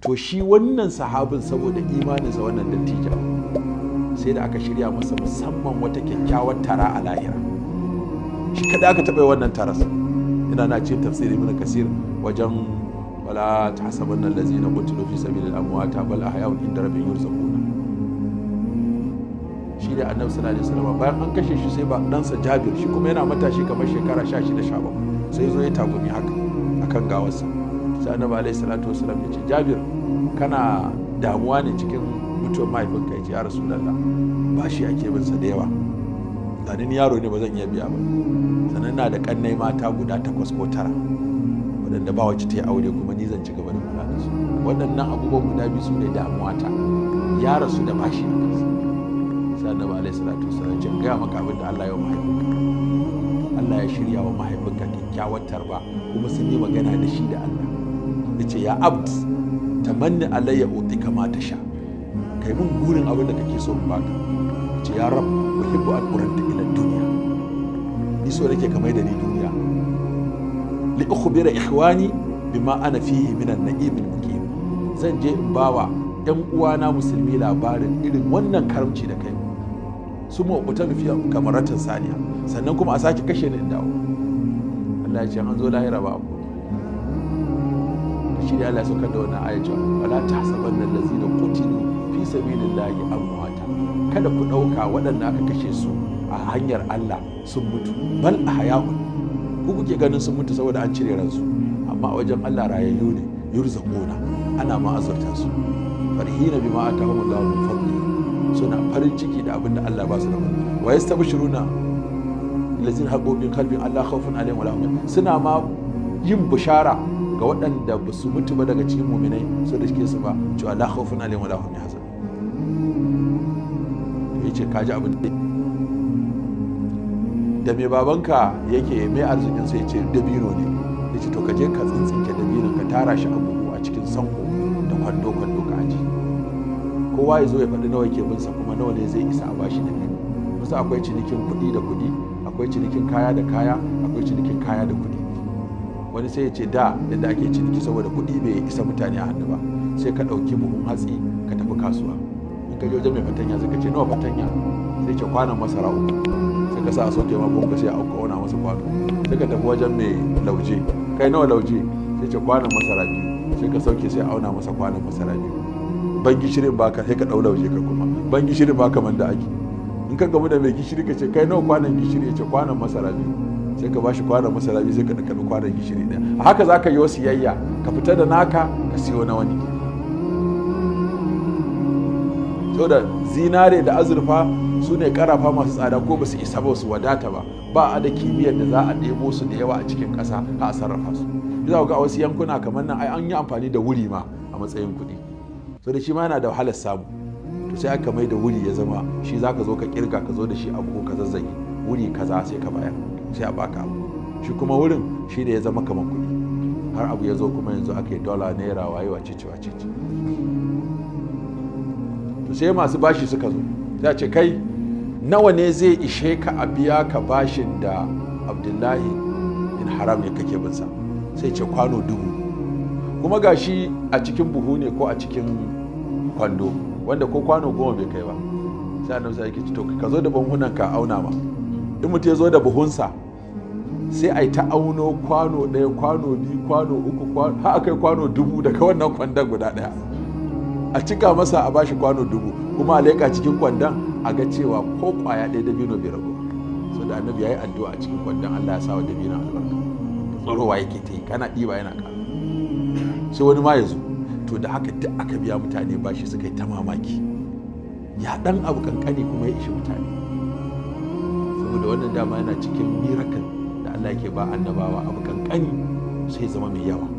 to shi wannan sahabin saboda imaninsa wannan dattijan sai da aka shirya masa musamman wata kyakkyawar tara a lahira shi kada aka taɓa wannan taras ina na ce tafsiri ibn kasir wajen wala ta tahsabanna allazina qutilu fi sabilil amwata bal ahya'un inda rabbihim yurzaquna shi da annabi sallallahu alaihi wasallam bayan an kashe shi sai ba ɗansa jabir shi kuma yana matashi kamar shekara 16 17 sai zo ya takumi haka akan gawarsa sai annabi alaihi salatu wasallam ya ce jabir kana damuwa ne cikin mutuwar mahaifinka yace ya rasulallah ba shi ake bin sa da yawa ganin yaro ne ba zan iya biya ba sannan na da kannai mata guda takwas ko tara waɗanda ba wacce ta yi aure kuma ni zan ci gaba da kula da su waɗannan abubuwan guda biyu su ne damuwa ta ya rasu da bashi a kansa sai annabi alaihi salatu wasallam ce gaya maka abin da Allah ya mahaifinka Allah ya shirya wa mahaifinka kyakkyawar tarba kuma sun yi magana da shi da Allah yace ya abd tamanni alayya utika kamata sha kai mun gurin abin da kake so in baka yace ya rab uhibbu an urda ila dunya ni so nake kamar da ni duniya li ukhbira ikhwani bima ana fihi min an-na'im al-muqim zan je in bawa yan uwana musulmi labarin irin wannan karamci da kai su ma ku tafi kamar kamaratan saniya sannan kuma a sake kashe ni in dawo Allah ya ce an zo lahira ba abu shi shine Allah ya da wani ayatu wala tahsabanna allazina qutilu fi an amwata kada ku dauka waɗanda aka kashe su a hanyar Allah sun mutu bal ahya'un ku kuke ganin sun mutu saboda an cire ransu amma a wajen Allah rayayyu ne yurza kona ana ma azurta su farhina bima atahumullahu min fadli suna farin ciki da abin da Allah ba su da wa yastabshiruna lazin haqqu bi qalbin Allah khawfun alaihim wa hum suna ma yin bishara ga waɗanda ba su mutu ba daga cikin muminai su da suke su ba cewa la khawfun alaihim wala hum yahzan yace kaji abin da da mai babanka yake mai arzikin sai ce dabino ne yace to kaje ka tsintsinke dabino ka tara shi abubu a cikin sanko da kwando kwando ka aji kowa ya zo ya faɗi nawa ke binsa kuma nawa ne zai isa a bashi da kai wasu akwai cinikin kuɗi da kuɗi akwai cinikin kaya da kaya akwai cinikin kaya da kuɗi wani sai ya ce da yadda ake ciniki saboda kuɗi bai isa mutane a hannu ba sai ka ɗauki buhun hatsi ka tafi kasuwa in ka je wajen mai fatanya sai ka ce nawa fatanya sai ce kwanan masara uku sai ka sa a soke ma buhun ka sai a auna masa kwano sai ka tafi wajen mai lauje kai nawa lauje sai ce kwanan masara biyu sai ka sauke sai a auna masa kwanan masara biyu ban gishirin baka sai ka ɗau lauje ka kuma ban gishirin baka man da ake in ka gamu da mai gishiri ka ce kai nawa kwanan gishiri ya ce kwanan masara biyu sai ka bashi kwanan masara biyu sai ka kalli kwanan gishiri ɗaya a haka za ka yi wasu yayya ka fita da naka ka siyo na wani da zinare da azurfa su ne karafa masu tsada ko ba su isa ba su wadata ba ba a da kimiyyar da za a ɗebo su da yawa a cikin ƙasa a sarrafa su za ga a wasu yankuna kamar nan ai an yi amfani da wuri ma a matsayin kuɗi so da shi ma yana da wahalar samu to sai aka mai da wuri ya zama shi za ka zo ka kirga ka zo da shi a ko ka zazzage wuri kaza sai ka bayar sai a baka abu shi kuma wurin shi da ya zama kamar kuɗi har abu ya zo kuma yanzu ake dola naira waye wace ce wace ce to sai masu bashi suka zo a ce kai nawa ne zai ishe ka a biya ka bashin da abdullahi in haram ya kake binsa sai ce kwano dubu kuma ga shi a cikin buhu ne ko a cikin kwando wanda ko kwano goma bai kai ba sai annabi sai yake ce to ka zo da banhunan ka auna ma in mutum ya zo da buhunsa sai a yi ta auno kwano ɗaya kwano biyu kwano uku kwano har akai kwano dubu daga wannan kwandon guda ɗaya a cika masa a bashi kwano dubu kuma a leƙa cikin kwandon a ga cewa ko kwaya ɗaya dabino bai rabu so da annabi ya yi addu'a a cikin kwandon Allah ya sa wa dabino albarka tsorowa yake ta yi kana ɗiba yana ƙara sai wani ma ya zo to da haka duk aka biya mutane bashi suka yi ta mamaki ya ɗan abu kankani kuma ya ishi mutane saboda wannan dama yana cikin miracle da Allah yake ba annabawa abu kankani sai zama mai yawa